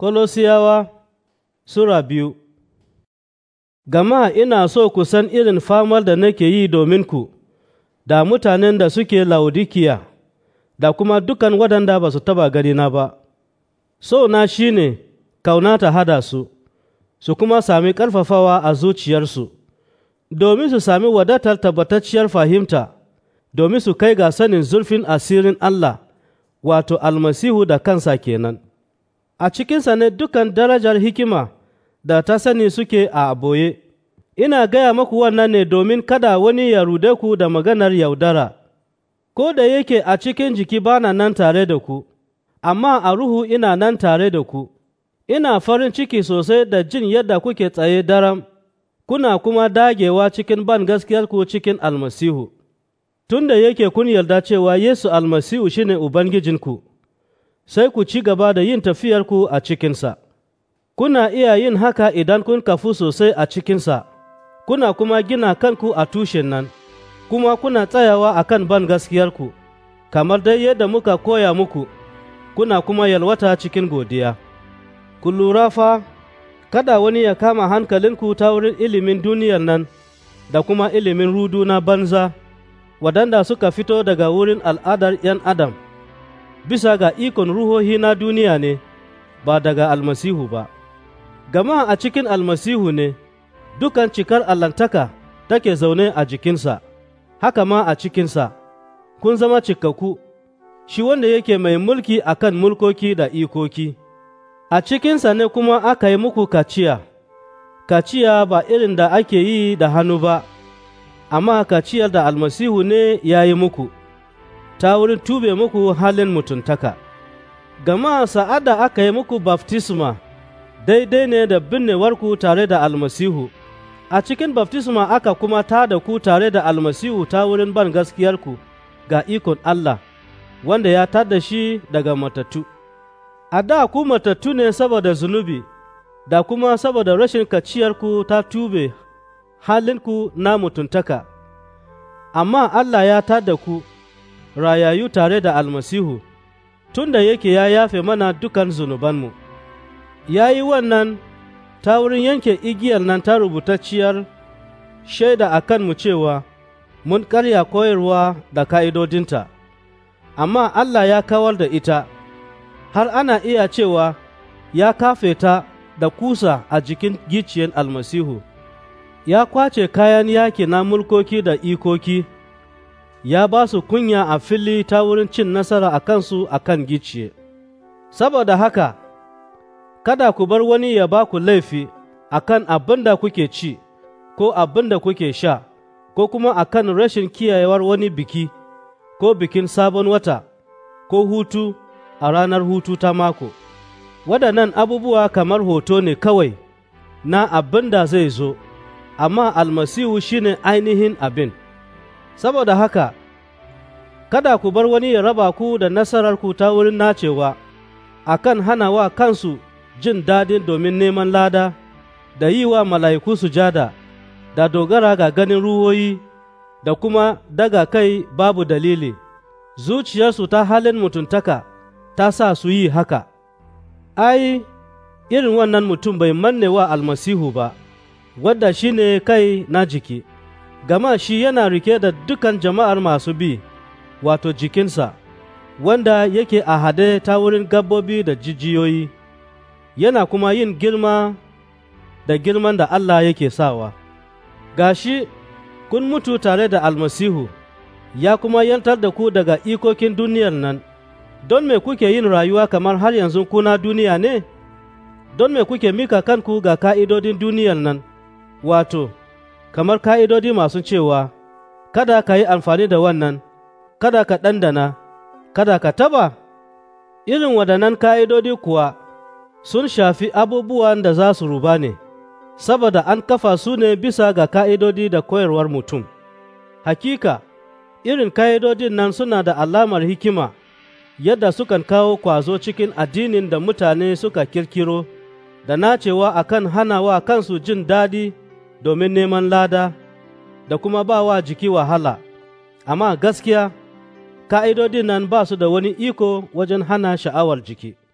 Kolosiyawa Sura biyu Gama ina so ku san irin famar da nake yi domin ku, da mutanen da suke laudikiya da kuma dukan waɗanda ba su taba ganina ba, so na shi ne kauna ta hada su, su kuma sami ƙarfafawa a zuciyarsu, domin su sami wadatar tabbatacciyar fahimta, domin su kai ga sanin zurfin asirin Allah, wato almasihu da kansa kenan. a cikinsa ne dukan darajar hikima da ta sani suke a aboye. Ina gaya maku wannan ne domin kada wani ya rude ku da maganar yaudara, ko da yake a cikin jiki bana nan tare da ku, amma a ruhu ina nan tare da ku, ina farin ciki sosai da jin yadda kuke tsaye daram, kuna kuma dagewa cikin ban ku cikin almasihu, Tunda da yake kun yarda cewa Yesu almasihu shine Ubangijinku. sai ku ci gaba da yin tafiyarku a cikinsa. Kuna iya yin haka idan kun kafu sosai a cikinsa, kuna kuma gina kanku a tushen nan, kuma kuna tsayawa a kan ban gaskiyarku, kamar dai yadda muka koya muku, kuna kuma yalwata cikin godiya. Ku lura fa, kada wani ya kama hankalinku ta wurin ilimin duniyar nan da kuma ilimin rudu na banza, waɗanda suka fito daga wurin al'adar ‘yan Adam’. bisa ga ikon ruhohi na duniya ne, ba daga almasihu ba. Gama a cikin almasihu ne, dukan cikar allantaka take zaune a jikinsa, haka ma a cikinsa, kun zama cikakku, shi wanda yake mai mulki a kan mulkoki da ikoki. A cikinsa ne kuma aka yi muku kaciya, kaciya ba irin da ake yi da hannu ba, amma kaciyar da almasihu ne ya yi muku. ta wurin tube muku halin mutuntaka. Gama sa'ada aka yi muku baftisma daidai ne da binnewarku tare da almasihu, a cikin baftisma aka kuma ta da ku tare da almasihu ta wurin ban gaskiyarku ga ikon Allah, wanda ya tada shi daga matattu. A da ku matattu ne saboda zunubi, da kuma saboda rashin kaciyarku ta tube halinku na mutuntaka, amma Allah ya tada ku. rayayu tare da almasihu tun da yake ya yafe mana dukan zunubanmu ya yi wannan ta wurin yanke igiyar nan ta rubutacciyar shaida a kanmu cewa mun karya koyarwa da ka'idodinta amma Allah ya kawar da ita har ana iya cewa ya kafe ta da kusa a jikin gicciyen almasihu ya kwace kayan yaki na mulkoki da ikoki ya ba su kunya a fili ta wurin cin nasara a kansu a kan giciye. Saboda haka, kada ku bar wani ya ba ku laifi a kan abin da kuke ci, ko abin da kuke sha, ko kuma a kan rashin kiyayewar wani biki, ko bikin sabon wata, ko hutu a ranar hutu ta mako. Waɗannan abubuwa kamar hoto ne kawai na abin da zai zo, amma almasihu shine ainihin abin. saboda haka kada ku bar wani ya raba ku da nasarar ku ta wurin nacewa a kan hana wa kansu jin daɗi domin neman lada da yi wa mala'iku sujada da dogara ga ganin ruwoyi da kuma daga kai babu dalili zuciyarsu ta halin mutuntaka ta sa su yi haka ai irin wannan mutum bai manne wa almasihu ba wadda shine kai na jiki gama shi yana rike da dukan jama'ar masu bi, wato jikinsa, wanda yake a hade ta wurin gabobi da jijiyoyi, yana kuma yin girma da girman da Allah yake sawa. Gashi kun mutu tare da almasihu, ya kuma yantar da ku daga ikokin duniyar nan, don me kuke yin rayuwa kamar har yanzu kuna duniya ne? Don me kuke mika kanku ga ka'idodin duniyar nan, wato, kamar ka'idodi masu cewa, Kada ka yi amfani da wannan, kada ka ɗandana, kada ka taba, irin waɗannan ka'idodi kuwa sun shafi abubuwan da za su ruba ne, saboda an kafa su ne bisa ga ka'idodi da koyarwar mutum. Hakika, irin ka'idodin nan suna da alamar hikima. yadda sukan kawo kwazo cikin addinin da mutane suka kirkiro da nacewa akan hana wa kansu jin daɗi domin neman lada da kuma ba wa jiki wahala, amma gaskiya, ka'idodin nan ba su da wani iko wajen hana sha'awar jiki.